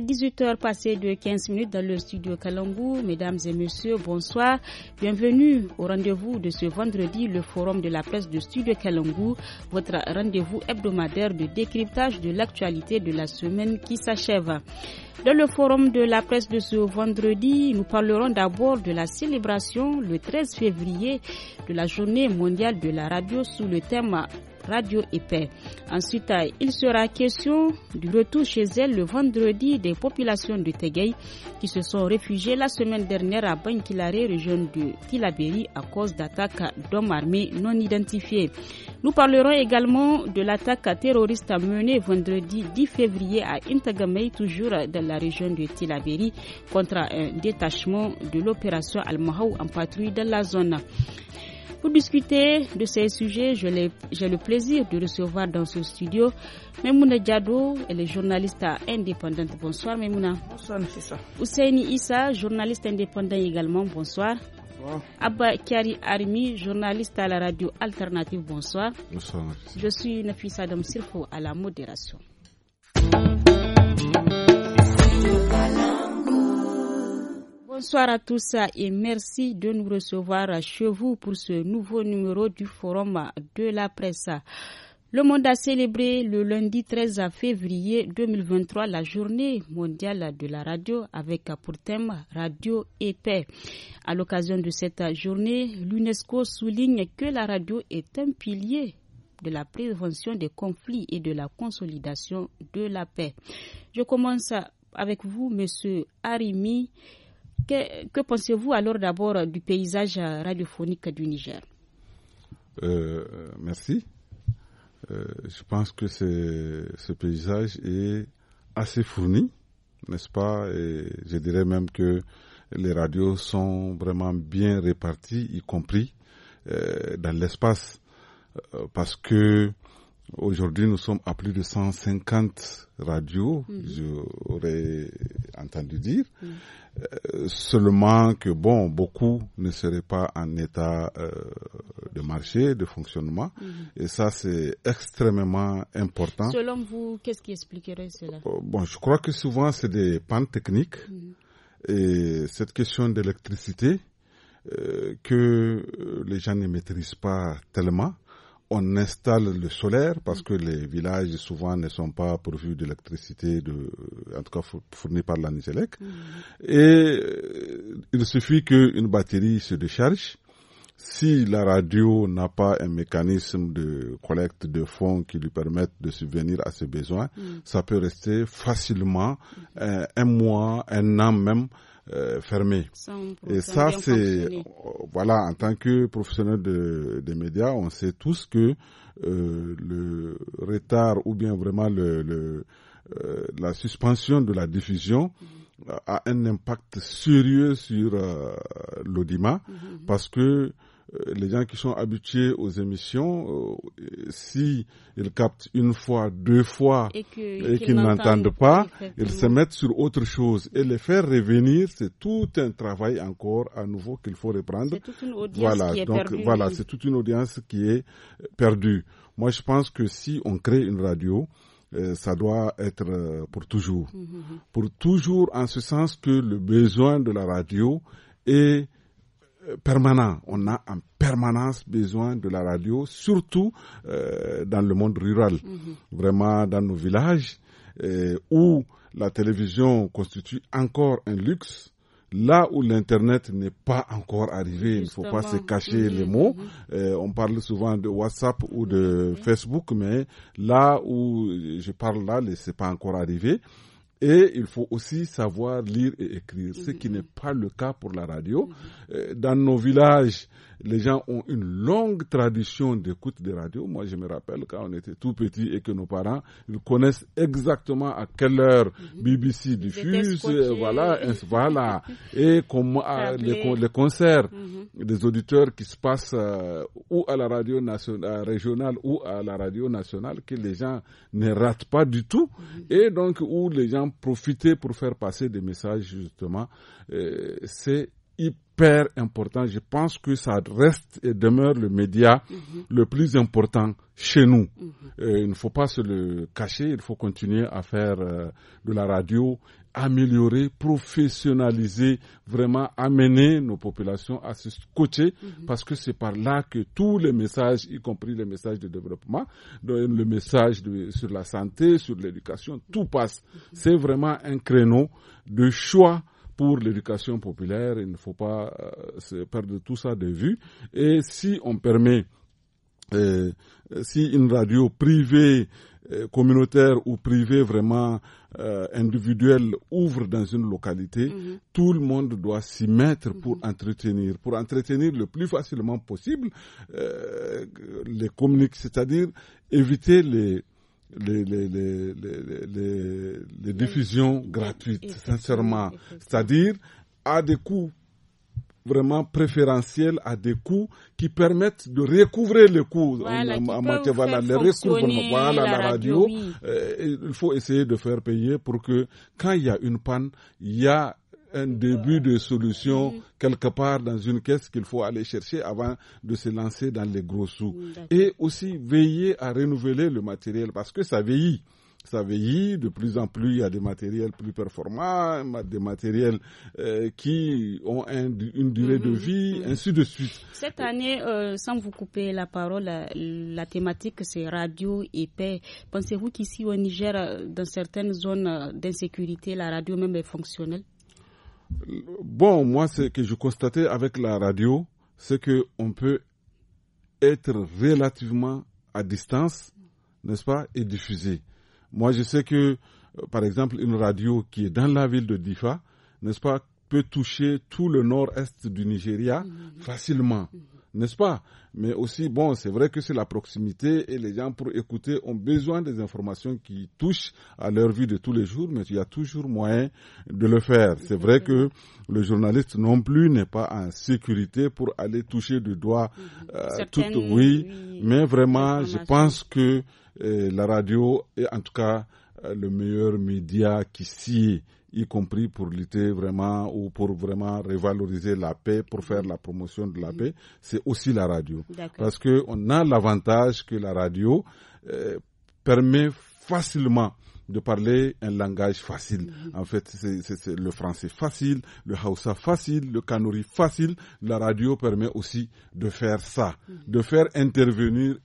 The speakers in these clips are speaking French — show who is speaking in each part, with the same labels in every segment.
Speaker 1: 18h passé de 15 minutes dans le studio Kalangu. Mesdames et messieurs, bonsoir. Bienvenue au rendez-vous de ce vendredi, le forum de la presse de Studio Kalangu. votre rendez-vous hebdomadaire de décryptage de l'actualité de la semaine qui s'achève. Dans le forum de la presse de ce vendredi, nous parlerons d'abord de la célébration le 13 février de la journée mondiale de la radio sous le thème Radio Épais. Ensuite, il sera question du retour chez elle le vendredi des populations de Tegei qui se sont réfugiées la semaine dernière à Bankilare, région de Tilaberi, à cause d'attaques d'hommes armés non identifiés. Nous parlerons également de l'attaque terroriste menée vendredi 10 février à Intagamei, toujours dans la région de Tilaberi, contre un détachement de l'opération al Mahou en patrouille dans la zone. Pour discuter de ces sujets, j'ai le plaisir de recevoir dans ce studio Memouna Diado, elle est journaliste indépendante. Bonsoir Memouna. Bonsoir Nafisa. Ousseini Issa, journaliste indépendant également. Bonsoir. Bonsoir. Abba Kiari Armi, journaliste à la radio Alternative. Bonsoir. Bonsoir Je suis Nafissa Adam Sirko à la modération. Bonsoir à tous et merci de nous recevoir chez vous pour ce nouveau numéro du Forum de la presse. Le monde a célébré le lundi 13 février 2023 la journée mondiale de la radio avec pour thème Radio et paix. À l'occasion de cette journée, l'UNESCO souligne que la radio est un pilier de la prévention des conflits et de la consolidation de la paix. Je commence avec vous, Monsieur Arimi. Que, pensez-vous alors d'abord du paysage radiophonique du Niger
Speaker 2: euh, euh, Merci. Euh, je pense que ce paysage est assez fourni, n'est-ce pas Et je dirais même que les radios sont vraiment bien réparties, y compris dans l'espace, parce que Aujourd'hui, nous sommes à plus de 150 radios, mm-hmm. j'aurais entendu dire. Mm. Euh, seulement que, bon, beaucoup ne seraient pas en état euh, de marché, de fonctionnement. Mm-hmm. Et ça, c'est extrêmement important. Selon
Speaker 1: vous, qu'est-ce qui expliquerait cela euh,
Speaker 2: Bon, je crois que souvent, c'est des pannes techniques.
Speaker 1: Mm-hmm.
Speaker 2: Et cette question d'électricité que les gens ne maîtrisent pas tellement on installe le solaire parce que les villages souvent ne sont pas pourvus d'électricité, de, euh, en tout cas fournie par la mm-hmm. Et euh, il suffit qu'une batterie se décharge. Si la radio n'a pas un mécanisme de collecte de fonds qui lui permette de subvenir à ses besoins, mm. ça peut rester facilement euh, un mois, un an même euh, fermé Et ça, c'est euh, voilà, en tant que professionnel de, des médias, on sait tous que euh, le retard ou bien vraiment le, la suspension de la diffusion a un impact sérieux sur l'audimat mm-hmm. parce que euh, les gens qui sont habitués aux émissions, s'ils euh, si ils captent une fois, deux fois et qu'ils n'entendent pas, ils se mettent sur autre chose et les faire revenir, c'est tout un travail encore à nouveau qu'il faut reprendre. Toute
Speaker 1: une voilà, qui est donc perdue. voilà, c'est
Speaker 2: toute une audience qui est euh, perdue. Moi, je pense que si on crée une radio, ça doit être pour toujours. Mmh, mmh, mmh. Pour toujours, en ce sens que le besoin de la radio est euh, permanent. On a en permanence besoin de la radio, surtout euh, dans le monde rural, mhm. vraiment dans nos villages, euh, où la télévision constitue encore un luxe. Là où l'Internet n'est pas encore arrivé, il ne faut pas se cacher mhm. les mots. Mhm. on parle souvent de WhatsApp ou de Facebook, mais là où je parle là, ce n'est pas encore arrivé. Et il faut aussi savoir lire et écrire, ce qui mhm. n'est pas le cas pour la radio. Mhm. Euh, dans nos villages, les gens ont une longue tradition d'écoute de radio. Moi, je me rappelle quand on était tout petit et que nos parents, ils connaissent exactement à quelle heure mhm. BBC diffuse, euh, voilà, voilà, et comment ah, les, concerts des auditeurs qui se passent euh, ou à la radio nationale, régionale ou à la radio nationale que les gens ne ratent pas du tout et donc où les gens profiter pour faire passer des messages, justement, euh, c'est c'est important. Je pense que ça reste et demeure le média mhm. le plus important chez nous. Mhm. Euh, il ne faut pas se le cacher, il faut continuer à faire euh, de la radio, améliorer, professionnaliser, vraiment amener nos populations à se coacher, mhm. parce que c'est par là que tous les messages, y compris les messages de développement, le message sur la santé, sur l'éducation, tout passe. C'est vraiment un créneau de choix pour l'éducation populaire. Il ne faut pas euh, se perdre tout ça de vue. Et si on permet, euh, si une radio privée euh, communautaire ou privée vraiment individuelle ouvre dans une localité, mhm. tout le monde doit s'y mettre mhm. pour entretenir, pour entretenir le plus facilement possible les communiques, c'est-à-dire éviter les les, les, les, les, les diffusions gratuites, sincèrement. C'est-à-dire à des coûts vraiment préférentiels, à des coûts qui permettent de recouvrer les coûts voilà, euh, en, voilà la, radio, euh, il faut essayer de faire payer pour que quand il y a une panne il y a un début de solution quelque part dans une caisse qu'il faut aller chercher avant de se lancer dans les gros sous. Mm, et aussi veiller à renouveler le matériel parce que ça vieillit ça vieillit. de plus en plus, il y a des matériels plus performants, des matériels euh, qui ont une durée de mm-hmm. vie, mm-hmm. ainsi de suite.
Speaker 1: Cette année, euh, sans vous couper la parole, la, la thématique c'est radio et paix. Pensez-vous qu'ici au Niger, euh, dans certaines zones d'insécurité, la radio même est fonctionnelle
Speaker 2: Bon, moi, ce que je constatais avec la radio, c'est qu'on peut être relativement à distance, n'est-ce pas, et diffuser. Moi, je sais que, euh, par exemple, une radio qui est dans la ville de Difa, n'est-ce pas, peut toucher tout le nord-est du Nigeria mhm. facilement. Mhm n'est-ce pas Mais aussi, bon, c'est vrai que c'est la proximité et les gens pour écouter ont besoin des informations qui touchent à leur vie de tous les jours, mais il y a toujours moyen de le faire. C'est vrai que le journaliste non plus n'est pas en sécurité pour aller toucher du doigt euh, tout, oui, mais vraiment, je pense que euh, la radio est en tout cas euh, le meilleur média qui s'y est y compris pour lutter vraiment ou pour vraiment revaloriser la paix, pour mhm. faire la promotion de la mhm. paix, c'est aussi la radio. Parce que on a l'avantage que la radio euh, permet facilement de parler un langage facile. Mhm. En fait, c'est le français facile, le hausa facile, le kanuri facile. La radio permet aussi de faire ça, de faire intervenir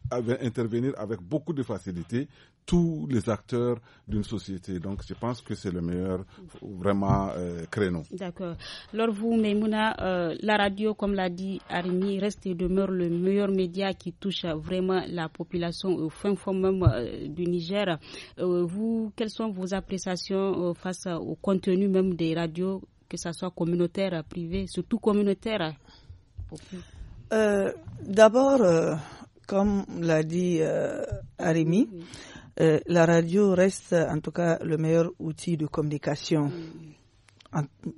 Speaker 2: intervenir avec beaucoup de facilité tous les acteurs d'une société. Donc, je pense que c'est le meilleur, vraiment, euh, créneau.
Speaker 1: D'accord. Alors, vous, Memouna, euh, la radio, comme l'a dit Arimi, reste et demeure le meilleur média qui touche vraiment la population au fin fond même euh, du Niger. vous, quelles sont vos appréciations face au contenu même des radios, que ce soit communautaire, privé, surtout communautaire
Speaker 3: D'abord, comme l'a dit Arimi, euh, la radio reste en tout cas le meilleur outil de communication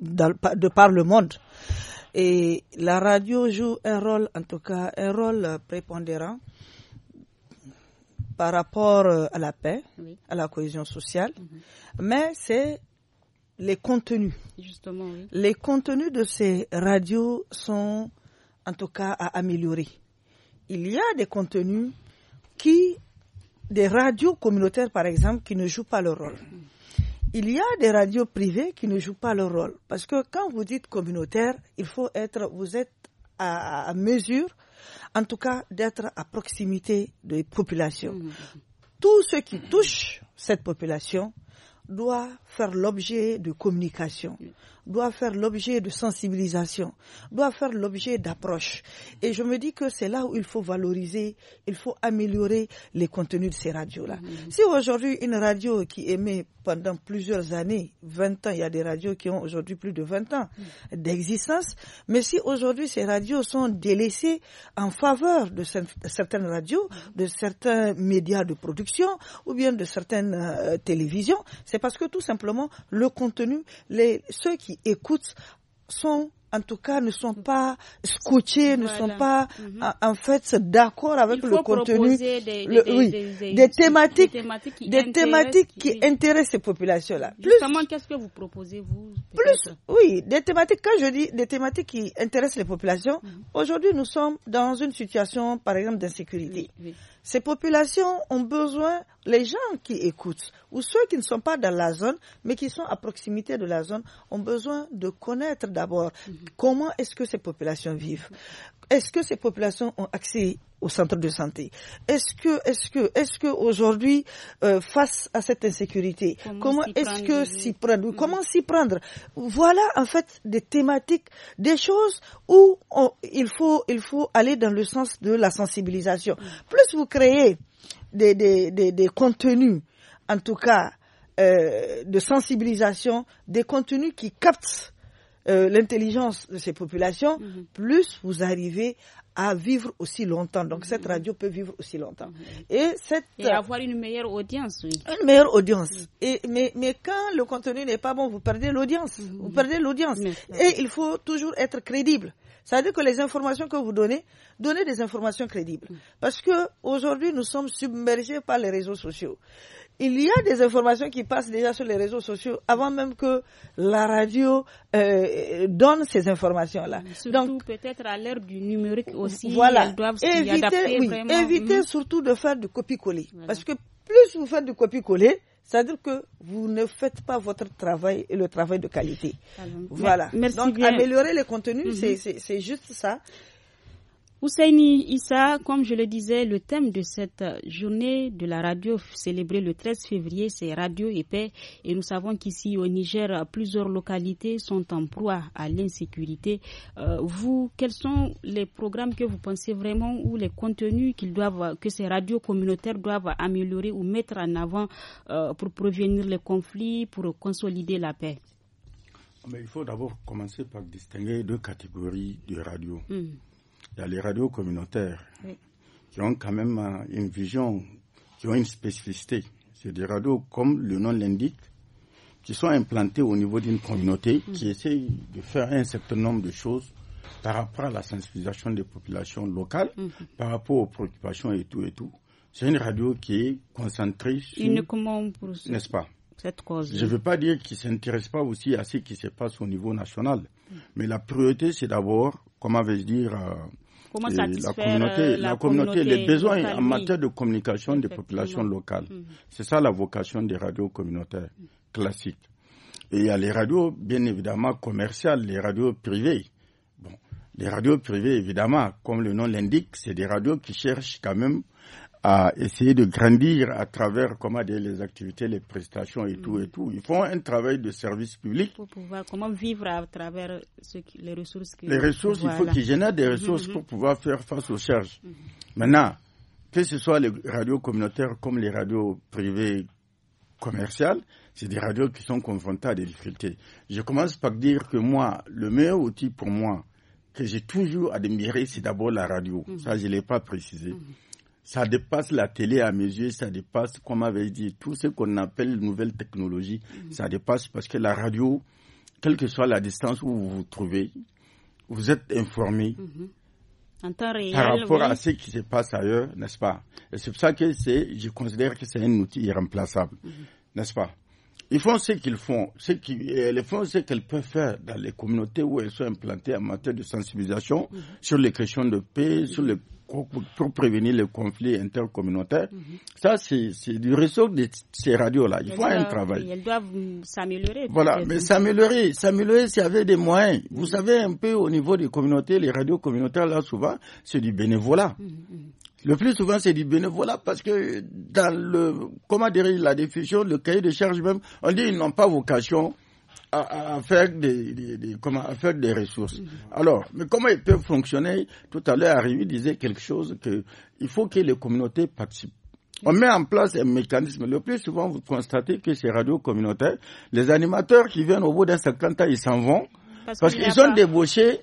Speaker 3: de par le monde. Et la radio joue un rôle, en tout cas, un rôle prépondérant par rapport euh, à la paix, à la cohésion sociale, mm-hmm. mais c'est les contenus.
Speaker 1: Justement, oui. Les
Speaker 3: contenus de ces radios sont, en tout cas, à améliorer. Il y a des contenus qui des radios communautaires, par exemple, qui ne jouent pas leur rôle. Il y a des radios privées qui ne jouent pas leur rôle. Parce que quand vous dites communautaire, il faut être, vous êtes à, mesure, en tout cas, d'être à proximité des populations. Tout ce qui touche cette population doit faire l'objet de communication doit faire l'objet de sensibilisation, doit faire l'objet d'approche. Et je me dis que c'est là où il faut valoriser, il faut améliorer les contenus de ces radios-là. Mmh. Si aujourd'hui une radio qui émet pendant plusieurs années, 20 ans, il y a des radios qui ont aujourd'hui plus de 20 ans mmh. d'existence, mais si aujourd'hui ces radios sont délaissées en faveur de certaines radios, mmh. de certains médias de production ou bien de certaines euh, télévisions, c'est parce que tout simplement le contenu, les, ceux qui qui écoutent sont en tout cas ne sont pas scotchés, ne sont pas mhm. en fait d'accord avec le contenu, des, des, thématiques,
Speaker 1: des thématiques qui,
Speaker 3: intéressent, ces populations-là. Justement,
Speaker 1: qu'est-ce que vous proposez vous
Speaker 3: Plus, oui, des thématiques. Quand je dis des thématiques qui intéressent les populations, mhm. aujourd'hui nous sommes dans une situation, par exemple, d'insécurité. Ces populations ont besoin, les gens qui écoutent, ou ceux qui ne sont pas dans la zone, mais qui sont à proximité de la zone, ont besoin de connaître d'abord mhm. comment est-ce que ces populations vivent. Est-ce que ces populations ont accès au centre de santé. Est-ce que, est-ce que, est-ce que aujourd'hui, euh, face à cette insécurité, comment, est-ce que s'y prendre, mm. comment s'y prendre Voilà en fait des thématiques, des choses où il faut, il faut aller dans le sens de la sensibilisation. Mm. Plus vous créez des, des, des, contenus, en tout cas euh, de sensibilisation, des contenus qui captent euh, l'intelligence de ces populations, mhm. plus vous arrivez à vivre aussi longtemps. Donc cette mhm. radio peut vivre aussi longtemps. Mhm. Et, cette, et avoir une meilleure audience, oui. Une meilleure audience. Et, mais, mais quand le contenu n'est pas bon, vous perdez l'audience. Vous perdez l'audience. Et il faut toujours être crédible. C'est-à-dire que les informations que vous donnez, donnez des informations crédibles. Parce que aujourd'hui, nous sommes submergés par les réseaux sociaux il y a des informations qui passent déjà sur les réseaux sociaux avant même que la radio euh, donne ces informations-là.
Speaker 1: Surtout peut-être à l'ère du numérique aussi, voilà. éviter,
Speaker 3: mhm. surtout de faire du copier-coller. Parce que plus vous faites du copier-coller, c'est-à-dire que vous ne faites pas votre travail et le travail de qualité. voilà. Donc, améliorer les contenus, mhm. c'est juste ça. Ousseini Issa,
Speaker 1: comme je le disais, le thème de cette journée de la radio célébrée le 13 février, c'est Radio et paix. Et nous savons qu'ici au Niger, plusieurs localités sont en proie à l'insécurité. Euh, vous, quels sont les programmes que vous pensez vraiment ou les contenus que ces radios communautaires doivent améliorer ou mettre en avant euh, pour prévenir les conflits, pour consolider la paix
Speaker 4: Il faut d'abord commencer par distinguer deux catégories de radios. Hmm il y a les radios communautaires qui ont quand même euh, une vision, qui ont une spécificité. C'est des radios, comme le nom l'indique, qui sont implantées au niveau d'une communauté mm. qui essaie de faire un certain nombre de choses par rapport à la sensibilisation des populations locales, mm-hmm. par rapport aux préoccupations et tout et tout. C'est une radio qui est concentrée sur...
Speaker 1: Uniquement pour N'est-ce pas cette cause. Je ne veux
Speaker 4: pas dire qu'ils ne s'intéressent pas aussi à ce qui se passe au niveau national, mm. mais la priorité, c'est d'abord, comment vais-je dire, euh, la euh, communauté, les besoins en matière de communication des populations locales. Mhm. C'est ça la vocation des radios communautaires classiques. Et il y a les radios, bien évidemment, commerciales, les radios privées. Bon, les radios privées, évidemment, comme le nom l'indique, c'est des radios qui cherchent quand même à essayer de grandir à travers comment les activités, les prestations et tout et mm. tout. Ils font un travail de service public. Pour
Speaker 1: pouvoir comment vivre à travers les ressources. ont les ressources, il faut qu'ils génèrent des mm-hmm. ressources pour
Speaker 4: pouvoir faire face aux charges. Mm-hmm. Maintenant, que ce soit les radios communautaires comme les radios privées commerciales, c'est des radios qui sont confrontées à des difficultés. Je commence par dire que moi, le meilleur outil pour moi que j'ai toujours admiré, c'est d'abord la radio. Mm-hmm. Ça, je ne l'ai pas précisé ça dépasse la télé à mes yeux, ça dépasse, comme avait dit, tout ce qu'on appelle nouvelle technologie, mm-hmm. ça dépasse parce que la radio, quelle que soit la distance où vous vous trouvez, vous êtes informé
Speaker 1: mm-hmm. par rapport à ce
Speaker 4: qui se passe ailleurs, n'est-ce pas Et c'est pour ça que c'est, je considère que c'est un outil irremplaçable, mm-hmm. n'est-ce pas ils font ce qu'ils font, ce euh, font ce qu'elles peuvent faire dans les communautés où elles sont implantées en matière de sensibilisation sur les questions de paix, sur les pour prévenir les conflits intercommunautaires. Mhm. Ça, c'est du ressort de ces radios-là. Il faut un travail. Elles
Speaker 1: doivent s'améliorer. Voilà, mais
Speaker 4: s'améliorer, s'améliorer s'il y avait des moyens. Vous savez, un peu au niveau des communautés, les radios communautaires, là, souvent, c'est du bénévolat. Mhm, mhm. Le plus souvent, c'est du bénévolat parce que dans le, comment dirais la diffusion, le cahier de charge même, on dit ils n'ont pas vocation à, faire des, comment, à faire des ressources. Alors, mais comment ils peuvent fonctionner Tout à l'heure, arrivé, disait quelque chose que il faut que les communautés participent. On met en place un mécanisme. Le plus souvent, vous constatez que ces radios communautaires, les animateurs qui viennent au bout d'un certain temps, ils s'en vont parce, qu'ils ont sont débauchés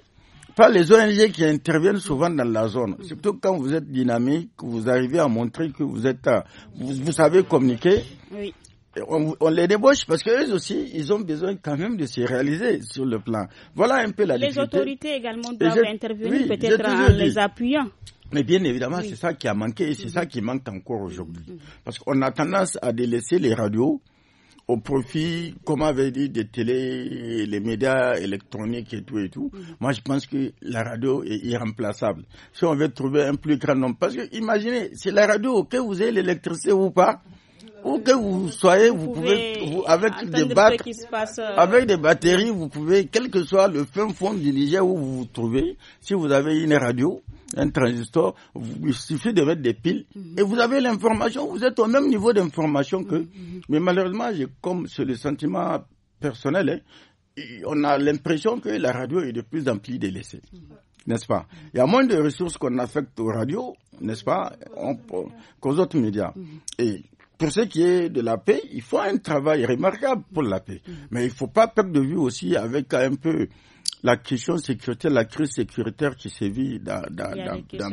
Speaker 4: par les ONG qui interviennent souvent dans la zone. Mm. Surtout quand vous êtes dynamique, vous arrivez à montrer que vous êtes, vous, vous savez communiquer. Oui on, les débauche parce qu'eux aussi, ils ont besoin quand même de se réaliser sur le plan. Voilà un peu la les difficulté. Les autorités
Speaker 1: également doivent intervenir peut-être en les
Speaker 4: appuyant. Mais bien évidemment, c'est ça qui a manqué et c'est ça mhm. qui manque encore aujourd'hui. Mhm. Parce qu'on a tendance à délaisser les radios au profit, comme avait dit, des télé, les médias électroniques et tout et tout. Mhm. Moi, je pense que la radio est irremplaçable. Si on veut trouver un plus grand nombre, parce que imaginez, c'est la radio, que vous ayez l'électricité ou pas, où que vous soyez, vous, pouvez, avec des
Speaker 1: euh, avec
Speaker 4: des batteries, vous pouvez, quel que soit le fin fond du Niger où vous vous trouvez, si vous avez une radio, un transistor, il suffit de mettre des piles mhm. et vous avez l'information, vous êtes au même niveau d'information que. Mhm. Mais malheureusement, j'ai comme c'est le sentiment personnel, hein, on a l'impression que la radio est de plus en plus délaissée. Mhm. n'est-ce pas Il y a moins de ressources qu'on affecte aux radios, n'est-ce pas, qu'aux autres médias. Et pour ce qui est de la paix, il faut un travail remarquable pour la paix. Mm. Mais il ne faut pas perdre de vue aussi avec un peu la question sécuritaire, la crise sécuritaire qui sévit dans, dans,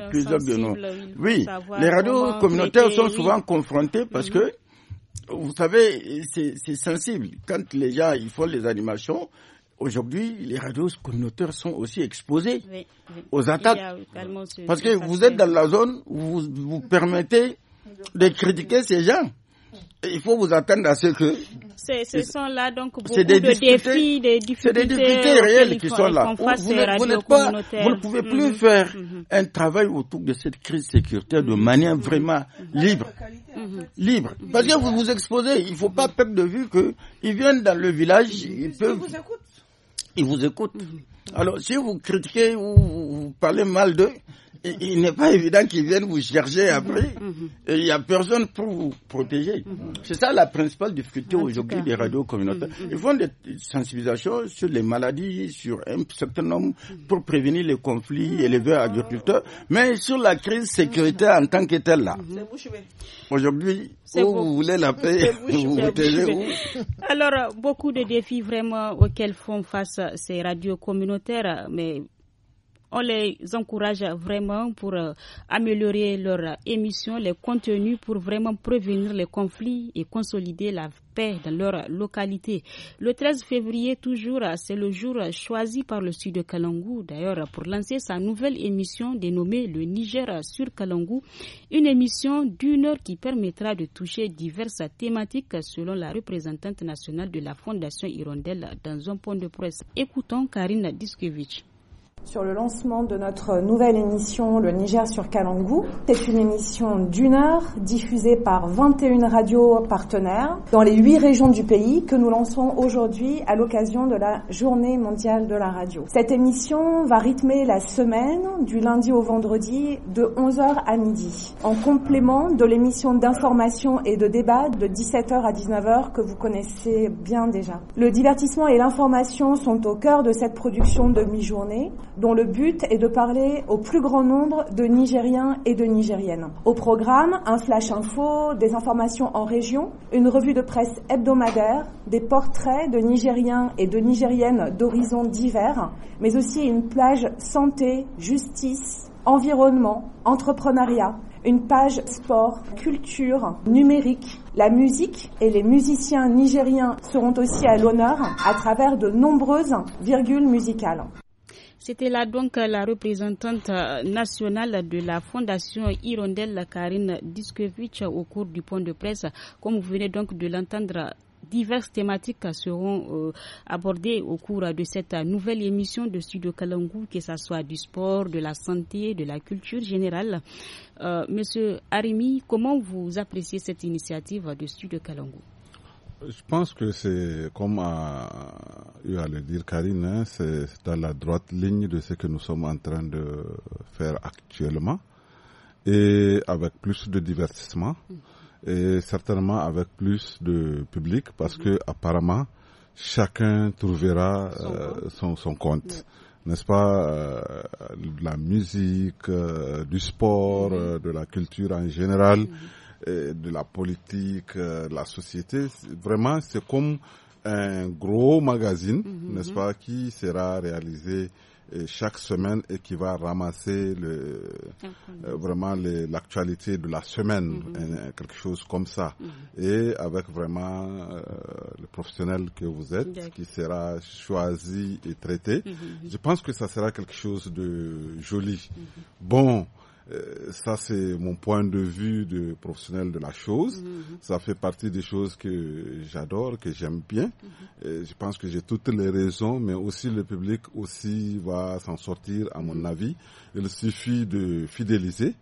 Speaker 4: plusieurs de nos... Oui, les radios communautaires sont souvent confrontées parce mm. que, vous savez, c'est sensible. Quand les gens ils font les animations, aujourd'hui, les radios communautaires sont aussi exposées
Speaker 1: aux attaques. Parce que vous êtes dans la zone
Speaker 4: où vous, vous permettez de critiquer ces gens. Il faut vous attendre à ce que.
Speaker 1: Ce sont là donc beaucoup des de défis, des difficultés. des difficultés réelles qui sont là. vous, ne pouvez plus mm-hmm. faire mm-hmm.
Speaker 4: un travail autour de cette crise sécuritaire de manière mm-hmm. vraiment libre. Libre. Parce que vous vous exposez. Il ne faut pas perdre de vue qu'ils viennent dans le village. Ils peuvent. Ils vous écoutent. Ils vous écoutent. Alors, si vous critiquez ou vous parlez mal d'eux, il, n'est pas évident qu'ils viennent vous chercher mhm. après. Mhm. il n'y a personne pour vous protéger. Mhm. C'est ça la principale difficulté aujourd'hui des radios communautaires. Ils font des sensibilisations sur les maladies, sur un certain nombre pour prévenir les conflits élever agriculteurs mais sur la crise sécuritaire en tant que telle là. Aujourd'hui, où vous. voulez la paix, vous vous
Speaker 1: Alors, beaucoup de défis vraiment auxquels font face ces radios communautaires, mais on les encourage vraiment pour euh, améliorer leur émission, les contenus pour vraiment prévenir les conflits et consolider la paix dans leur localité. Le 13 février, toujours, c'est le jour choisi par le sud de Kalangou, d'ailleurs, pour lancer sa nouvelle émission dénommée le Niger sur Kalangou, une émission d'une heure qui permettra de toucher diverses thématiques selon la représentante nationale de la Fondation Hirondelle dans un point de presse. Écoutons Karine Diskevich
Speaker 5: sur le lancement de notre nouvelle émission Le Niger sur Kalangou. C'est une émission d'une heure diffusée par 21 radios partenaires dans les 8 régions du pays que nous lançons aujourd'hui à l'occasion de la Journée mondiale de la radio. Cette émission va rythmer la semaine du lundi au vendredi de 11h à midi en complément de l'émission d'information et de débat de 17h à 19h que vous connaissez bien déjà. Le divertissement et l'information sont au cœur de cette production de mi-journée dont le but est de parler au plus grand nombre de Nigériens et de Nigériennes. Au programme, un flash info, des informations en région, une revue de presse hebdomadaire, des portraits de Nigériens et de Nigériennes d'horizons divers, mais aussi une plage santé, justice, environnement, entrepreneuriat, une page sport, culture, numérique. La musique et les musiciens nigériens seront aussi à l'honneur à travers de nombreuses virgules musicales.
Speaker 1: C'était là donc euh, la représentante euh, nationale de la Fondation Hirondelle, Karine Diskevich, au cours du point de presse. Comme vous venez donc de l'entendre, diverses thématiques seront euh, abordées au cours de cette nouvelle émission de Studio Kalangu, que ce soit du sport, de la santé, de la culture générale. Monsieur Arimi, comment vous appréciez cette initiative de Studio Kalangu
Speaker 2: je pense que c'est, comme a eu à le dire Karine, hein, c'est dans la droite ligne de ce que nous sommes en train de faire actuellement et avec plus de divertissement et certainement avec plus de public parce que apparemment chacun trouvera son, euh, compte. N'est-ce pas euh, la musique, euh, du sport, de la culture en général de la politique, euh, de la société. Vraiment, c'est comme un gros magazine, mhm. n'est-ce pas, qui sera réalisé euh, chaque semaine et qui va ramasser le, euh, vraiment l'actualité de la semaine, mhm. quelque chose comme ça. Mhm. Et avec vraiment le professionnel que vous êtes, qui sera choisi et traité, je pense que ça sera quelque chose de joli. Bon, euh, ça, c'est mon point de vue de professionnel de la chose. Mhm. Ça fait partie des choses que j'adore, que j'aime bien. Mhm. Euh, je pense que j'ai toutes les raisons, mais aussi le public aussi va s'en sortir, à mon mhm. avis. Il suffit de fidéliser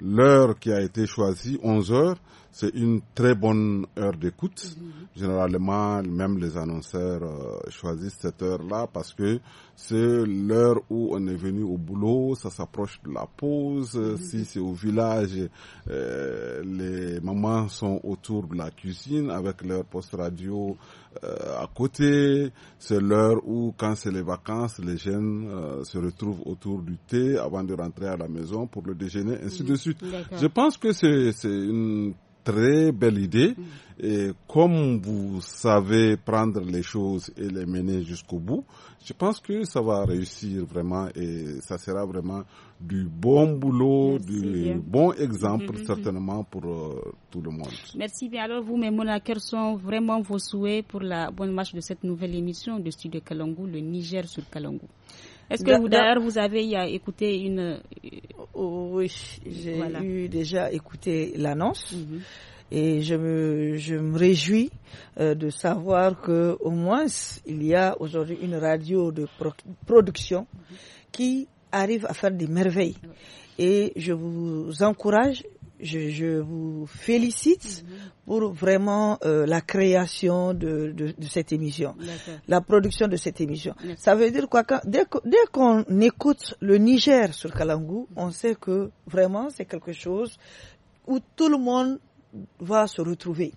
Speaker 2: l'heure qui a été choisie, 11 heures. C'est une très bonne heure d'écoute. Généralement, même les annonceurs euh, choisissent cette heure-là parce que c'est l'heure où on est venu au boulot, ça s'approche de la pause. Mhm. Si c'est au village, euh, les mamans sont autour de la cuisine avec leur poste radio euh, à côté. C'est l'heure où, quand c'est les vacances, les jeunes se retrouvent autour du thé avant de rentrer à la maison pour le déjeuner, ainsi de mhm. suite. Je pense que c'est une très belle idée. Mm. Et comme vous savez prendre les choses et les mener jusqu'au bout, je pense que ça va réussir vraiment et ça sera vraiment du bon boulot, du bon exemple mm-hmm. certainement pour euh, tout le monde.
Speaker 1: Merci bien. Alors vous, mes quels sont vraiment vos souhaits pour la bonne marche de cette nouvelle émission de Studio Kalangou, le Niger sur Kalangou Est-ce que d'ailleurs vous avez euh, écouté une Oh, oui, j'ai
Speaker 3: eu déjà écouté l'annonce. Mhm. Et je me, je me réjouis euh, de savoir que au moins il y a aujourd'hui une radio de production mhm. qui arrive à faire des merveilles. Et je vous encourage je, je, vous félicite pour vraiment euh, la création de, de, de cette émission, la production de cette émission. Ça veut dire quoi quand, Dès, qu'on écoute le Niger sur Kalangu, on sait que vraiment c'est quelque chose où tout le monde va se retrouver.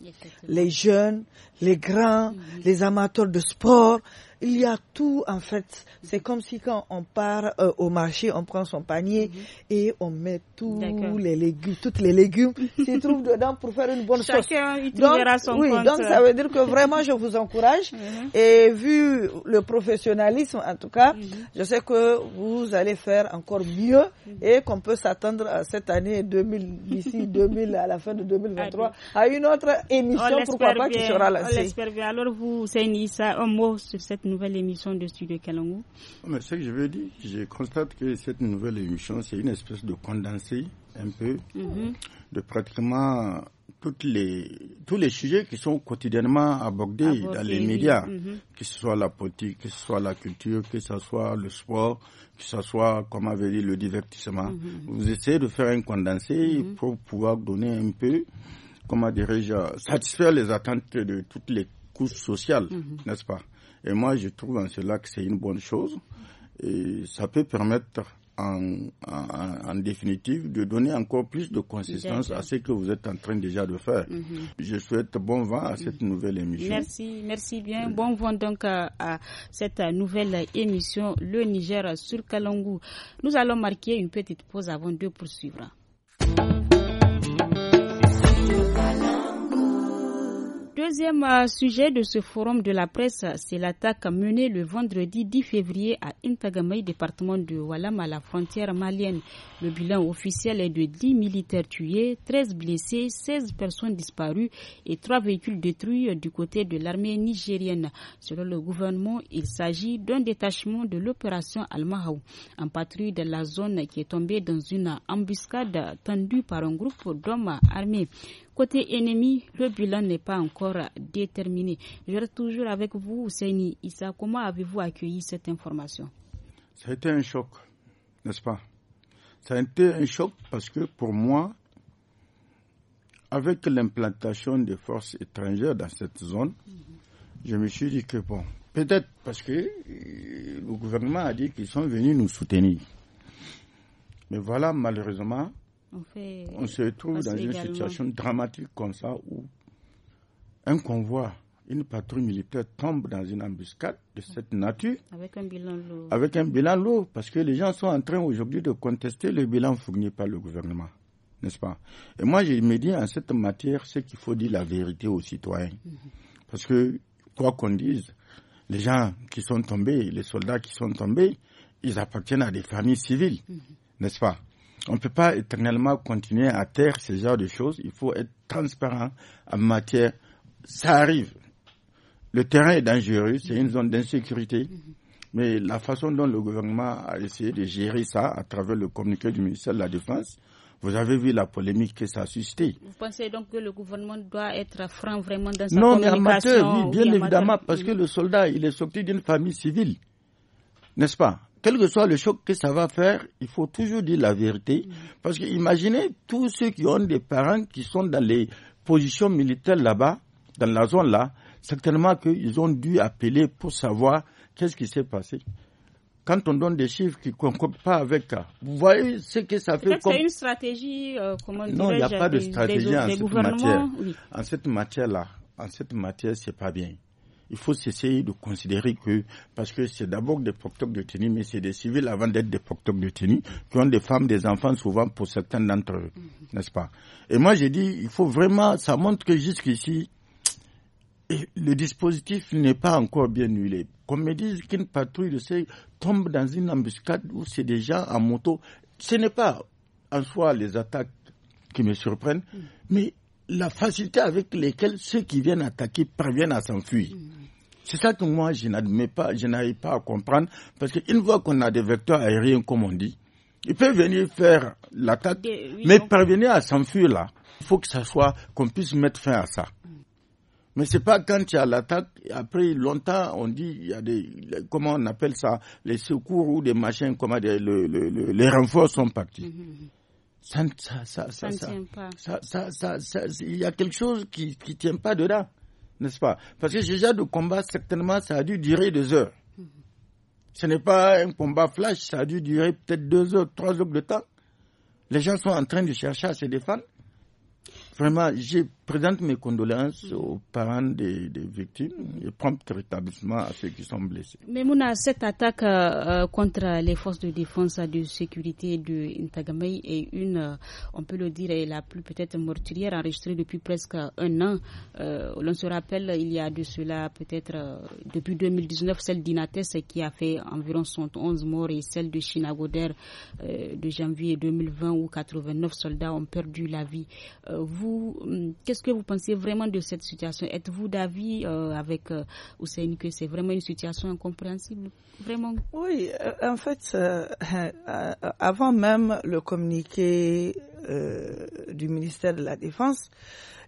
Speaker 3: Les jeunes, les grands, les amateurs de sport, il y a tout en fait. C'est comme si quand on part euh, au marché, on prend son panier mhm. et on met tous les légumes, toutes les légumes se trouvent dedans pour faire une bonne Chacun trouvera son compte. Donc ça veut dire que vraiment je vous encourage mhm. et vu le professionnalisme en tout cas, mhm. je sais que vous allez faire encore mieux et qu'on peut s'attendre à cette année 2000 d'ici 2000 à la fin de 2023 à une autre émission pourquoi pas qui sera lancée.
Speaker 1: On Alors vous un mot sur cette nouvelle émission de Studio Kalangou
Speaker 4: Mais ce que je veux dire, je constate que cette nouvelle émission, c'est une espèce de condensé, un peu, mhm. de pratiquement toutes les, tous les sujets qui sont quotidiennement abordés, dans les médias, mhm. que ce soit la politique, que ce soit la culture, que ce soit le sport, que ce soit, comme avait dit, le divertissement. Mhm. Vous essayez de faire un condensé pour pouvoir donner un peu, comment dirais-je, satisfaire les attentes de toutes les couches sociales, n'est-ce pas et moi, je trouve en cela que c'est une bonne chose. Et ça peut permettre en, définitive de donner encore plus de consistance à ce que vous êtes en train déjà de faire. Mhm. Je souhaite bon vent à cette mhm. nouvelle émission. Merci,
Speaker 1: merci bien. Bon vent donc à, cette nouvelle émission Le Niger sur Kalangou. Nous allons marquer une petite pause avant de poursuivre. deuxième euh, sujet de ce forum de la presse, c'est l'attaque menée le vendredi 10 février à Intagamay, département de Walam, à la frontière malienne. Le bilan officiel est de 10 militaires tués, 13 blessés, 16 personnes disparues et 3 véhicules détruits du côté de l'armée nigérienne. Selon le gouvernement, il s'agit d'un détachement de l'opération Al-Mahaou, en patrouille de la zone qui est tombée dans une embuscade tendue par un groupe d'hommes armés côté ennemi, le bilan n'est pas encore déterminé. Je reste toujours avec vous, Ousseini Issa. Comment avez-vous accueilli cette information
Speaker 4: Ça a été un choc, n'est-ce pas Ça a été un choc parce que pour moi, avec l'implantation des forces étrangères dans cette zone, je me suis dit que bon, peut-être parce que euh, le gouvernement a dit qu'ils sont venus nous soutenir. Mais voilà, malheureusement,
Speaker 1: on, se trouve dans une situation
Speaker 4: dramatique comme ça où un convoi, une patrouille militaire tombe dans une embuscade de cette nature.
Speaker 1: Avec un bilan lourd. Avec
Speaker 4: un bilan lourd, parce que les gens sont en train aujourd'hui de contester le bilan fourni par le gouvernement. N'est-ce pas Et moi, je me dis en cette matière, c'est qu'il faut dire la vérité aux citoyens. Mm-hmm. Parce que, quoi qu'on dise, les gens qui sont tombés, les soldats qui sont tombés, ils appartiennent à des familles civiles. Mm-hmm. N'est-ce pas on ne peut pas éternellement continuer à taire ce genre de choses. Il faut être transparent en matière. Ça arrive. Le terrain est dangereux, c'est une zone d'insécurité. Mais la façon dont le gouvernement a essayé de gérer ça à travers le communiqué du ministère de la Défense, vous avez vu la polémique que ça a suscité. Vous
Speaker 1: pensez donc que le gouvernement doit être franc vraiment dans sa communication Non, mais amateur, oui, bien évidemment,
Speaker 4: parce mm. que le soldat, il est sorti d'une famille civile, n'est-ce pas quel que soit le choc que ça va faire, il faut toujours dire la vérité. Parce que imaginez tous ceux qui ont des parents qui sont dans les positions militaires là-bas, dans la zone là, certainement qu'ils ont dû appeler pour savoir qu'est-ce qui s'est passé. Quand on donne des chiffres qui ne concordent pas avec, vous voyez ce que ça fait. Comme... C'est une
Speaker 1: stratégie, euh, comment Non, il n'y a pas de stratégie des, en, cette matière.
Speaker 4: en cette matière. là en cette matière, pas bien il faut s'essayer de considérer que, parce que c'est d'abord des procteurs de tennis mais c'est des civils avant d'être des porteurs de tennis qui ont des femmes, des enfants, souvent pour certains d'entre eux, mhm. n'est-ce pas Et moi, j'ai dit, il faut vraiment, ça montre que jusqu'ici, eh, le dispositif n'est pas encore bien huilé. Qu'on me dise qu'une patrouille de ces tombe dans une embuscade où c'est des gens en moto, ce n'est pas en soi les attaques qui me surprennent, mm. mais la facilité avec laquelle ceux qui viennent attaquer parviennent à s'enfuir. C'est ça que moi, je n'admets pas, je n'arrive pas à comprendre, parce qu'une fois qu'on a des vecteurs aériens, comme on dit, ils peuvent venir faire l'attaque, mais parvenir à s'enfuir là. Il faut que ça soit, qu'on puisse mettre fin à ça. Mais ce n'est pas quand il y a l'attaque, après longtemps, on dit, il y a des, comment on appelle ça, les secours ou des machins, comment les renforts sont partis. Mhm, mhm ça, ça, ça, ça, il y a quelque chose qui ne tient pas dedans, n'est-ce pas Parce que ce genre de combat, certainement, ça a dû durer deux heures. Ce n'est pas un combat flash, ça a dû durer peut-être deux heures, trois heures de temps. Les gens sont en train de chercher à se défendre vraiment, je présente mes condoléances aux parents des, victimes et prompt rétablissement à ceux qui sont blessés.
Speaker 1: Mais Mouna, cette attaque euh, contre les forces de défense, de sécurité de Ntagamay est une, euh, on peut le dire, est la plus peut-être meurtrière enregistrée depuis presque un an. On euh, L'on se rappelle, il y a de cela peut-être depuis 2019, celle d'Inates qui a fait environ 111 morts et celle de Chinagoder de janvier 2020 où 89 soldats ont perdu la vie. vous, Hum, qu'est-ce que vous pensez vraiment de cette situation Êtes-vous d'avis euh, avec euh, que c'est vraiment une situation incompréhensible
Speaker 3: Vraiment Oui, euh, en fait, euh, avant même le communiqué du ministère de la Défense,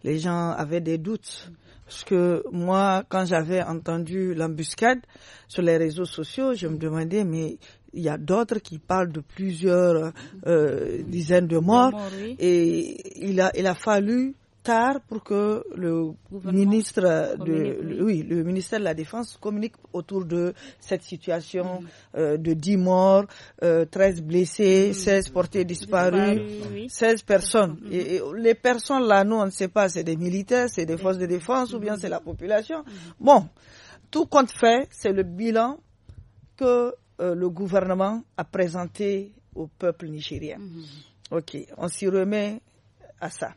Speaker 3: les gens avaient des doutes. Parce que moi, quand j'avais entendu l'embuscade sur les réseaux sociaux, je me demandais, mais il y a d'autres qui parlent de plusieurs euh, dizaines de morts. Et il a, il a fallu tard pour que le ministre de oui le ministère de la défense communique autour de cette situation mm. euh, de 10 morts euh, 13 blessés 16 mm. portés disparus 16 personnes mm. et, les personnes là nous on ne sait pas c'est des militaires c'est des forces de défense ou bien c'est la population bon tout compte fait c'est le bilan que euh, le gouvernement a présenté au peuple nigérien. Mhm. Ok, on s'y remet à ça.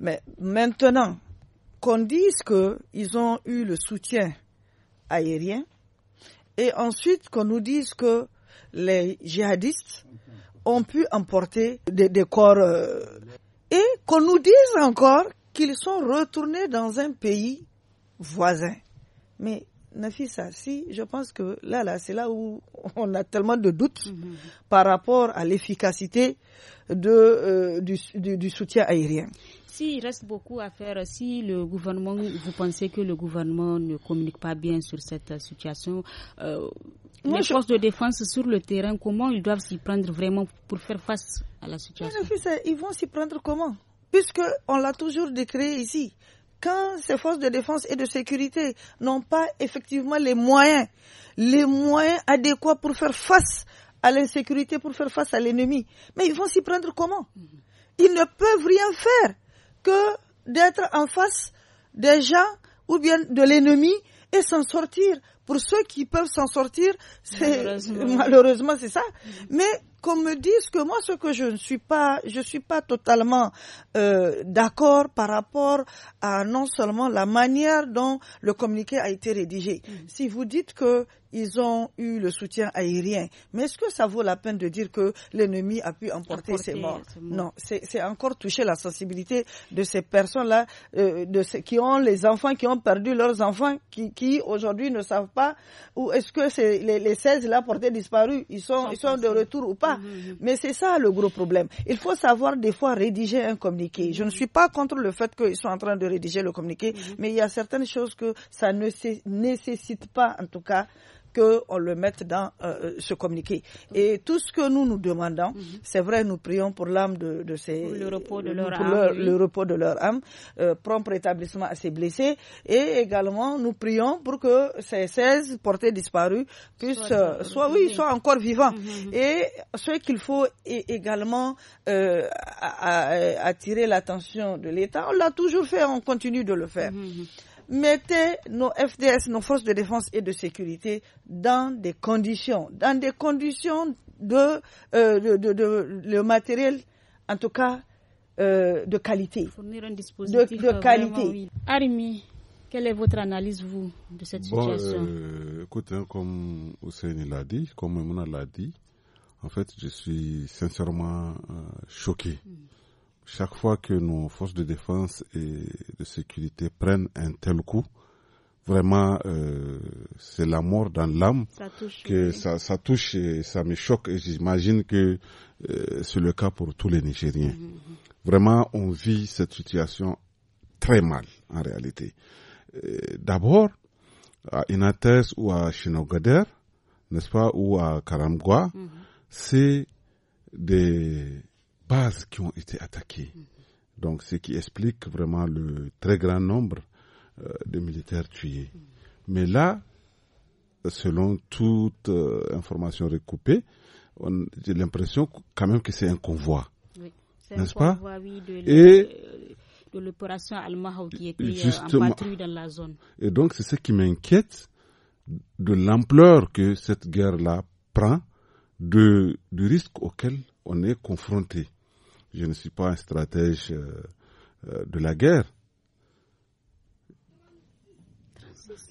Speaker 3: Mais maintenant, qu'on dise qu'ils ont eu le soutien aérien, et ensuite qu'on nous dise que les djihadistes ont pu emporter des, corps, euh, et qu'on nous dise encore qu'ils sont retournés dans un pays voisin. Mais Nafisa, si, je pense que là, là, c'est là où on a tellement de doutes mm-hmm. par rapport à l'efficacité euh, du, soutien aérien.
Speaker 1: S'il reste beaucoup à faire, si le gouvernement, vous pensez que le gouvernement ne communique pas bien sur cette situation, euh, les forces de défense sur le terrain, comment ils doivent s'y prendre vraiment pour faire face à la situation
Speaker 3: Ils vont s'y prendre comment Puisqu'on l'a toujours décrit ici, quand ces forces de défense et de sécurité n'ont pas effectivement les moyens, les moyens adéquats pour faire face à l'insécurité, pour faire face à l'ennemi, mais ils vont s'y prendre comment Ils ne peuvent rien faire que d'être en face des gens ou bien de l'ennemi et s'en sortir. Pour ceux qui peuvent s'en sortir, c'est malheureusement c'est ça. Mais qu'on me dise que moi, ce que je ne suis pas, je suis pas totalement euh, d'accord par rapport à non seulement la manière dont le communiqué a été rédigé. Mm. Si vous dites que ils ont eu le soutien aérien. Mais est-ce que ça vaut la peine de dire que l'ennemi a pu emporter ses morts Non, c'est encore toucher la sensibilité de ces personnes-là, euh, qui ont les enfants, qui ont perdu leurs enfants, qui, aujourd'hui ne savent pas où est-ce que les, 16 là portés disparus, ils sont, de retour ou pas. Mhm, mhm. Mais c'est ça le gros problème. Il faut savoir des fois rédiger un communiqué. Je ne suis pas contre le fait qu'ils sont en train de rédiger le communiqué, mhm. mais il y a certaines choses que ça ne nécessite pas, en tout cas, qu'on le mette dans euh, euh, ce communiqué. Et tout ce que nous nous demandons, mhm. c'est vrai, nous prions pour l'âme de, ces... Pour le repos de euh, leur âme. Pour Le repos de leur âme, euh, établissement rétablissement à ces blessés. Et également, nous prions pour que ces 16 portés disparus puissent, soit, euh, soit soient encore vivants. Mhm, mhm. Et ce qu'il faut est également attirer l'attention de l'État, on l'a toujours fait, on continue de le faire mettez nos FDS, nos forces de défense et de sécurité, dans des conditions, dans des conditions de, euh, le matériel, en tout cas, euh, de qualité. de, qualité.
Speaker 1: Arimi, quelle est votre analyse, vous, de cette situation
Speaker 2: euh, Écoutez, hein, comme Hussein l'a dit, comme Mouna l'a dit, en fait, je suis sincèrement choqué. Hmm chaque fois que nos forces de défense et de sécurité prennent un tel coup, vraiment, euh, c'est la mort dans l'âme que ça, touche et ça me choque. Et j'imagine que euh, c'est le cas pour tous les Nigériens. Mhm, mhm. Vraiment, on vit cette situation très mal, en réalité. Euh, d'abord, à Inates ou à Chinogader, n'est-ce pas, ou à Karamgwa, mhm. c'est des bases qui ont été attaquées. Donc, ce qui explique vraiment le très grand nombre euh, de militaires tués. Mais là, selon toute euh, information recoupée, j'ai l'impression quand même que c'est un convoi.
Speaker 1: Oui, n'est-ce pas de Et euh, de l'opération al qui était patrouille dans la zone.
Speaker 2: Et donc, c'est ce qui m'inquiète de l'ampleur que cette guerre-là prend, de, du risque auquel on est confronté je ne suis pas un stratège euh, euh, de la guerre.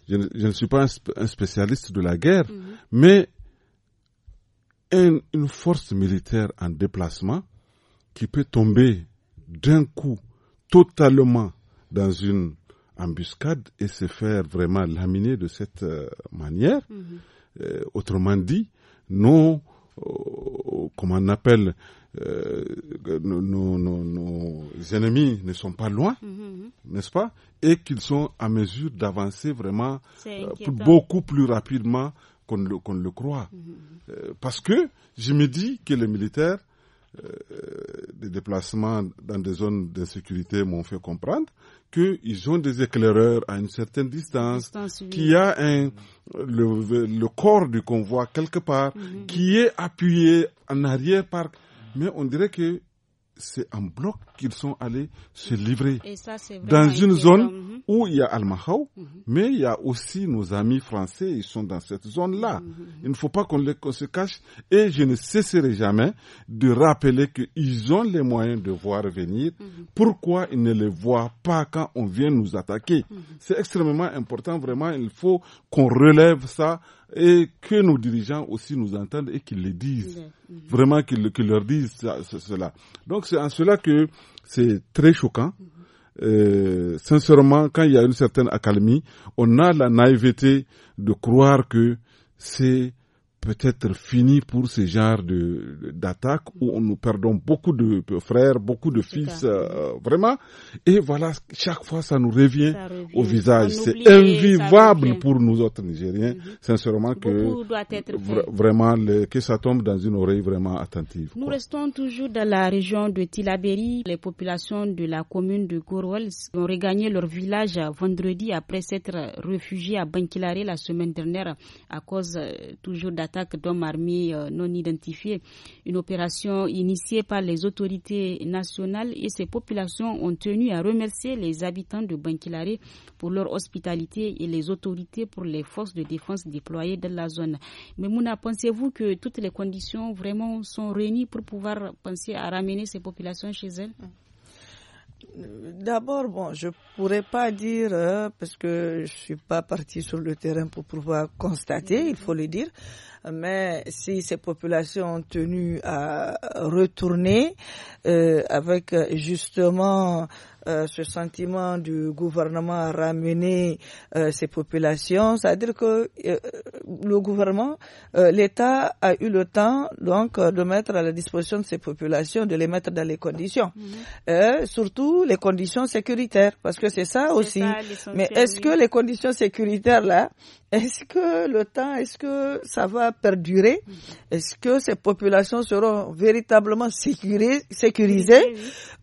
Speaker 2: Je ne, suis pas un, spécialiste de la guerre, mhm. mais une force militaire en déplacement qui peut tomber d'un coup totalement dans une embuscade et se faire vraiment laminer de cette euh, manière. Mhm. autrement dit, non, comme on appelle, euh, nos, ennemis ne sont pas loin, mhm, mhm. n'est-ce pas Et qu'ils sont à mesure d'avancer vraiment euh, beaucoup plus rapidement qu'on le, le, croit. Mhm, euh, parce que je me dis que les militaires, des déplacements dans des zones d'insécurité m'ont fait comprendre qu'ils ont des éclaireurs à une certaine distance, qui qu'il y a un, le, corps du convoi quelque part qui est appuyé en arrière par mais on dirait que c'est en bloc qu'ils sont allés se livrer
Speaker 1: dans une zone mhm.
Speaker 2: où il y a al Mahaw, mhm. mais il y a aussi nos amis français, ils sont dans cette zone-là. Mhm, il ne faut pas qu'on se cache et je ne cesserai jamais de rappeler qu'ils ont les moyens de voir venir. Pourquoi ils ne les voient pas quand on vient nous attaquer C'est extrêmement important, vraiment, il faut qu'on relève ça et que nos dirigeants aussi nous entendent et qu'ils les disent, vraiment qu'ils qu leur disent cela. Donc c'est en cela que c'est très choquant. Mhm. Euh, sincèrement, quand il y a une certaine accalmie, on a la naïveté de croire que c'est peut-être fini pour ce genre de d'attaque où nous perdons beaucoup de frères, beaucoup de fils, euh, vraiment. Et voilà, chaque fois ça nous revient, au visage. C'est invivable pour nous autres Nigériens, mhm. sincèrement que doit être vraiment le, que ça tombe dans une oreille vraiment attentive.
Speaker 1: Nous restons toujours dans la région de Tilaberi. Les populations de la commune de Gorwals ont regagné leur village vendredi après s'être réfugiés à Bankilare la semaine dernière à cause euh, toujours d'attaques d'hommes armés euh, non identifiés. Une opération initiée par les autorités nationales et ces populations ont tenu à remercier les habitants de Bankilare pour leur hospitalité et les autorités pour les forces de défense déployées dans la zone. Mais Mouna, pensez-vous que toutes les conditions vraiment sont réunies pour pouvoir penser à ramener ces populations chez elles mm.
Speaker 3: D'abord, bon, je pourrais pas dire euh, parce que je suis pas parti sur le terrain pour pouvoir constater, il faut le dire. Mais si ces populations ont tenu à retourner euh, avec euh, justement euh, ce sentiment du gouvernement à ramener euh, ces populations, c'est-à-dire que le gouvernement, l'État a eu le temps donc de mettre à la disposition de ces populations, de les mettre dans les conditions, mhm. surtout les conditions sécuritaires, parce que c'est ça aussi. Mais est-ce que les conditions sécuritaires là, est-ce que le temps, est-ce que ça va perdurer, est-ce que ces populations seront véritablement sécurisées,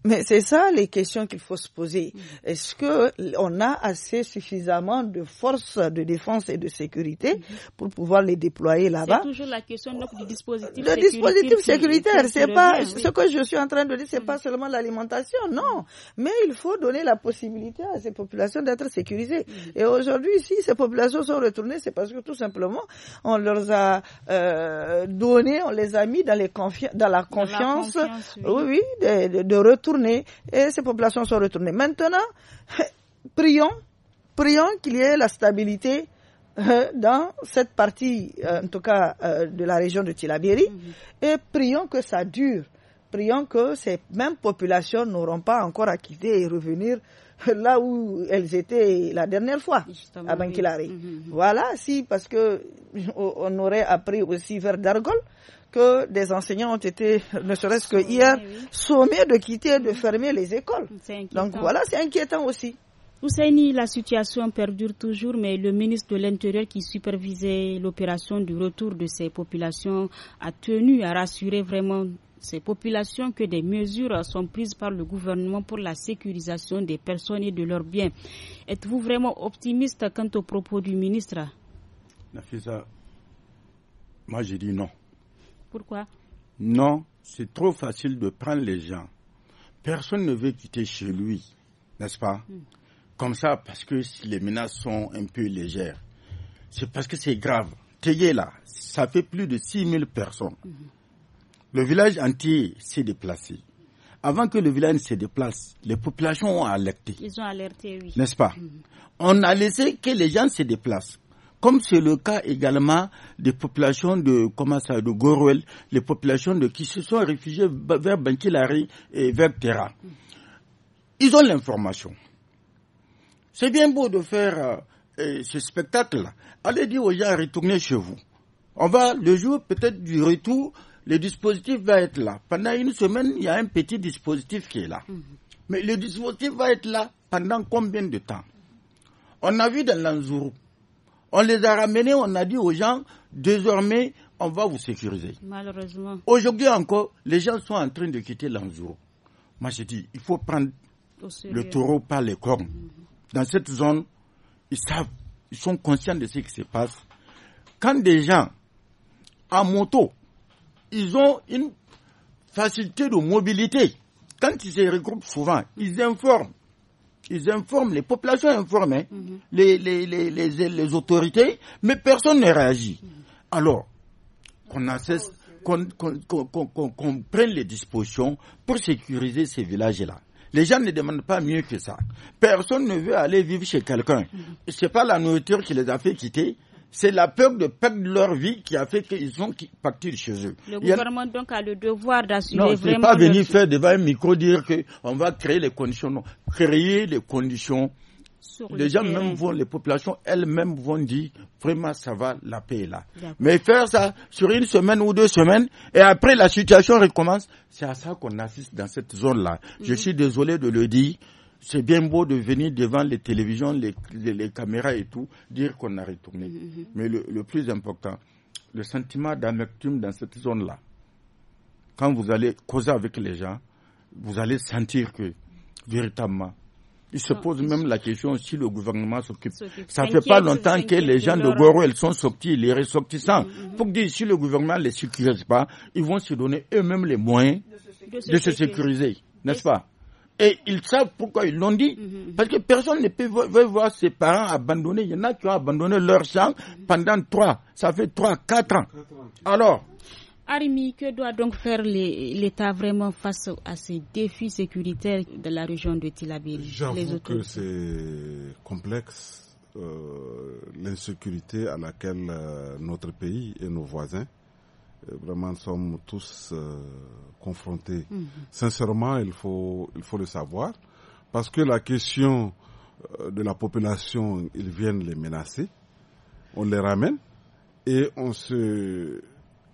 Speaker 3: Mais c'est ça les questions qu'il faut se poser. Est-ce que on a assez suffisamment de forces de défense et de sécurité mhm. pour pouvoir les déployer là-bas C'est
Speaker 1: toujours la question dispositif.
Speaker 3: Le dispositif sécuritaire, c'est pas ce que je suis en train de dire, c'est n'est mhm. pas seulement l'alimentation, non, mais il faut donner la possibilité à ces populations d'être sécurisées. Mhm. Et aujourd'hui, si ces populations sont retournées, c'est parce que tout simplement on leur a euh, donner on les a mis dans, la confiance, oui, de, retourner. Et ces populations sont retournées. Maintenant, prions, prions qu'il y ait la stabilité euh, dans cette partie, euh, en tout cas de la région de Tilabiri, mhm. et prions que ça dure. Prions que ces mêmes populations n'auront pas encore à quitter et revenir là où elles étaient la dernière fois, à Bankilari. Mhm, mhm. Voilà, si, parce que on aurait appris aussi vers Dargol que des enseignants ont été, ne serait-ce que hier, sommés de quitter, et de mhm. fermer les écoles. Donc voilà, c'est inquiétant aussi. Ousseini, la situation perdure toujours, mais
Speaker 1: le ministre de l'Intérieur qui supervisait l'opération du retour de ces populations a tenu à rassurer vraiment ces populations que des mesures sont prises par le gouvernement pour la sécurisation des personnes et de leurs biens. Êtes-vous vraiment optimiste quant aux propos du ministre
Speaker 4: Nafisa, moi je dis non. Pourquoi Non, c'est trop facile de prendre les gens. Personne ne veut quitter chez lui, n'est-ce pas hmm. Comme ça, parce que les menaces sont un peu légères, c'est parce que c'est grave. Tayez là, ça fait plus de 6000 personnes. Hmm. Le village entier s'est déplacé. Avant que le village ne se déplace, les populations ont alerté.
Speaker 1: Ils ont alerté, oui.
Speaker 4: N'est-ce pas On a laissé que les gens se déplacent. Comme c'est le cas également des populations de, comment de les populations de, qui se sont réfugiées vers Benkilari et vers Terra. Ils ont l'information. C'est bien beau de faire euh, euh, ce spectacle Allez dire aux gens, retournez chez vous. On va, le jour peut-être du retour, le dispositif va être là. Pendant une semaine, il y a un petit dispositif qui est là. Mhm. Mais le dispositif va être là pendant combien de temps On a vu dans l'Anzourou. On les a ramenés, on a dit aux gens, désormais, on va vous sécuriser.
Speaker 1: Malheureusement.
Speaker 4: Aujourd'hui encore, les gens sont en train de quitter l'Anzourou. Moi, je dis, il faut prendre le taureau par les cornes. Mhm. Dans cette zone, ils savent, ils sont conscients de ce qui se passe. Quand des gens, en moto, ils ont une facilité de mobilité. Quand ils se regroupent souvent, ils informent. Ils informent, les populations informent, hein. mhm. les, autorités, mais personne ne réagit. Mhm. Alors, qu'on qu'on prenne les dispositions pour sécuriser ces villages-là. Les gens ne demandent pas mieux que ça. Personne ne veut aller vivre chez quelqu'un. Mhm. Ce n'est pas la nourriture qui les a fait quitter, c'est la peur de perdre leur vie qui a fait qu'ils ont partir chez eux. Le gouvernement
Speaker 1: donc a le devoir d'assurer vraiment... Non, c'est pas venir
Speaker 4: faire devant un micro dire qu'on va créer les conditions. Non, créer les conditions. les gens même vont, les populations elles-mêmes vont dire vraiment ça va, la paix est là. Mais faire ça sur une semaine ou deux semaines et après la situation recommence, c'est à ça qu'on assiste dans cette zone-là. Je mhm. suis désolé de le dire, c'est bien beau de venir devant les télévisions, les, caméras et tout, dire qu'on a retourné. Mm-hmm, mm-hmm. Mais le, plus important, le sentiment d'amertume dans cette zone-là, quand vous allez causer avec les gens, vous allez sentir que, véritablement, ils se posent même la question si le gouvernement s'occupe. Ça fait pas longtemps que les gens de Goro, elles sont sortis, les ressortissants. Mm-hmm, Pour dire si le gouvernement ne les sécurise pas, ils vont se donner eux-mêmes les moyens
Speaker 5: de se sécuriser,
Speaker 4: n'est-ce pas et ils savent pourquoi ils l'ont dit. Mhm, mhm. Parce que personne ne peut voir ses parents abandonner, Il y en a qui ont abandonné leur sang mhm. pendant trois. Ça fait trois, quatre ans. Alors.
Speaker 1: Arimi, que doit donc faire l'État vraiment face à ces défis sécuritaires de la région de Tilabiri J'avoue que
Speaker 2: c'est complexe. Euh, l'insécurité à laquelle euh, notre pays et nos voisins euh, vraiment sommes tous euh, confrontés. Mhm. Sincèrement, il faut, il faut le savoir, parce que la question euh, de la population, ils viennent les menacer, on les ramène et on se,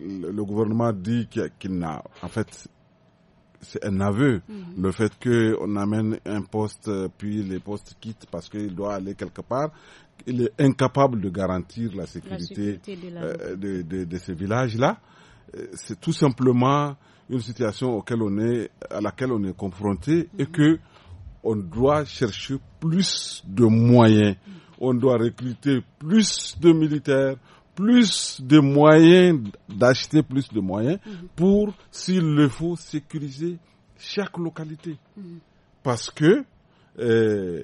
Speaker 2: le gouvernement dit qu'il n'a, en fait, c'est un aveu. Mhm. Le fait qu'on amène un poste, puis les postes quittent parce qu'il doit aller quelque part, il est incapable de garantir la sécurité, de, ces villages-là. Euh, c'est tout simplement une situation auquel on est, à laquelle on est confronté et mhm. que on doit chercher plus de moyens. On doit recruter plus de militaires, plus de moyens, d'acheter plus de moyens mhm. pour, s'il le faut, sécuriser chaque localité. Mhm. Parce que euh,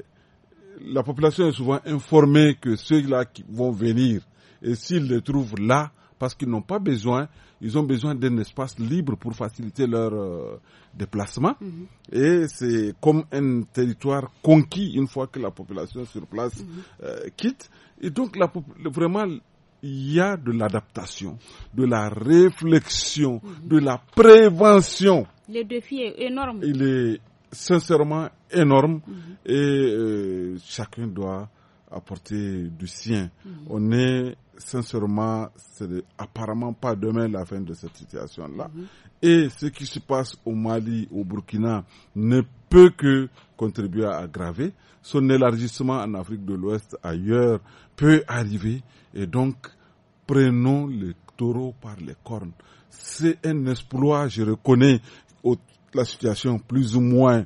Speaker 2: la population est souvent informée que ceux-là qui vont venir, et s'ils les trouvent là, parce qu'ils n'ont pas besoin, ils ont besoin d'un espace libre pour faciliter leur euh, déplacement. Mhm. Et c'est comme un territoire conquis une fois que la population sur place mhm. euh, quitte. Et donc, vraiment, il y a de l'adaptation, de la réflexion, mhm. de la prévention.
Speaker 1: Le défi est énorme. Il
Speaker 2: est sincèrement énorme et euh, chacun doit apporter du sien. On est sincèrement, n'est apparemment pas demain la fin de cette situation-là. Mhm. Et ce qui se passe au Mali, au Burkina, ne peut que contribuer à aggraver. Son élargissement en Afrique de l'Ouest, ailleurs, peut arriver. Et donc, prenons les taureaux par les cornes. C'est un exploit, je reconnais, la situation plus ou moins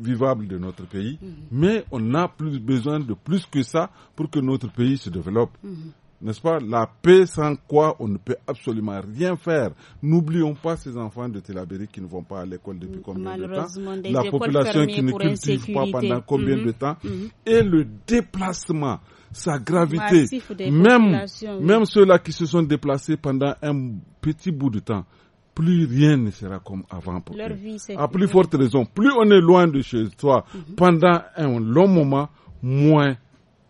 Speaker 2: vivable de notre pays, mhm. mais on a plus besoin de plus que ça pour que notre pays se développe. Mhm. N'est-ce pas La paix sans quoi on ne peut absolument rien faire. N'oublions pas ces enfants de Telabéry qui ne vont pas à l'école depuis combien de temps, la population qui ne cultive pas pendant combien mm-hmm. de temps, mm-hmm. et le déplacement sa gravité. Même, même ceux-là qui se sont déplacés pendant un petit bout de temps, plus rien ne sera comme avant pour eux. A à plus forte raison, plus on est loin de chez soi, mm-hmm. pendant un long moment, moins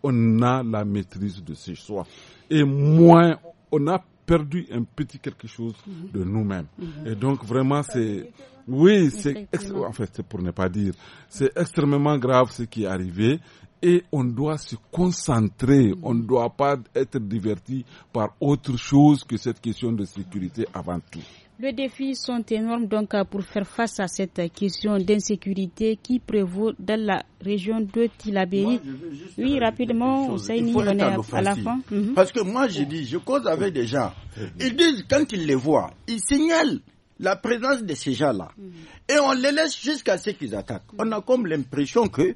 Speaker 2: on a la maîtrise de ces choix. Et moins on a perdu un petit quelque chose de nous-mêmes. Mhm. Et donc vraiment c'est oui, c'est en fait c'est pour ne pas dire, c'est extrêmement grave ce qui est arrivé et on doit se concentrer, mhm. on ne doit pas être diverti par autre chose que cette question de sécurité avant tout.
Speaker 1: Les défis sont énormes donc euh, pour faire face à cette question d'insécurité qui prévaut dans la région de Tilabéry. Oui, euh, rapidement, on on est à, la fin.
Speaker 4: Mhm. Parce que moi, je dis, je cause avec des gens. Mhm. Ils disent, quand ils les voient, ils signalent la présence de ces gens-là. Mhm. Et on les laisse jusqu'à ce qu'ils attaquent. On a comme l'impression que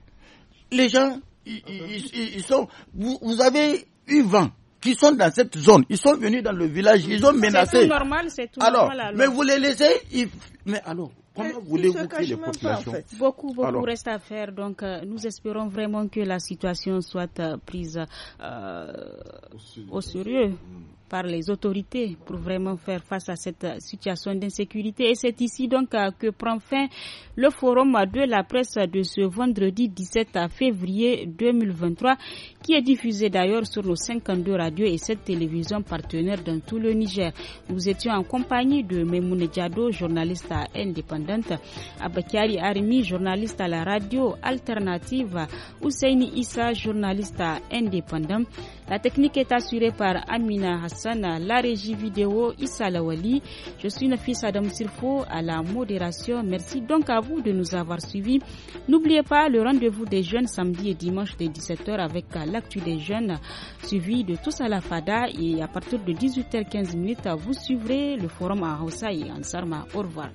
Speaker 4: les gens, ils, sont... Vous, vous avez eu vent. Ils sont dans cette zone. Ils sont venus dans le village, ils ont menacé. C'est normal,
Speaker 1: c'est tout alors, normal. Alors. Mais vous les laissez,
Speaker 4: mais alors, Comment voulez-vous que les populations...
Speaker 1: Beaucoup, beaucoup reste à faire. Donc, euh, nous espérons vraiment que la situation soit euh, prise euh, au sérieux. Mm par les autorités pour vraiment faire face à cette situation d'insécurité. Et c'est ici donc euh, que prend fin le forum de la presse de ce vendredi 17 février 2023 qui est diffusé d'ailleurs sur nos 52 radios et 7 télévisions partenaires dans tout le Niger. Nous étions en compagnie de Memoune Diado, journaliste indépendante, Abakari Arimi, journaliste à la radio alternative, Ousseini Issa, journaliste indépendant. La technique est assurée par Amina Hassan la régie vidéo Issa Lawali. Je suis Nafis Adam Sirfo à la modération. Merci donc à vous de nous avoir suivis. N'oubliez pas le rendez-vous des jeunes samedi et dimanche de 17h avec euh, l'actu des jeunes suivi de tous à la FADA et à partir de 18h15 vous suivrez le forum à Hausa et en Sarma. Au revoir.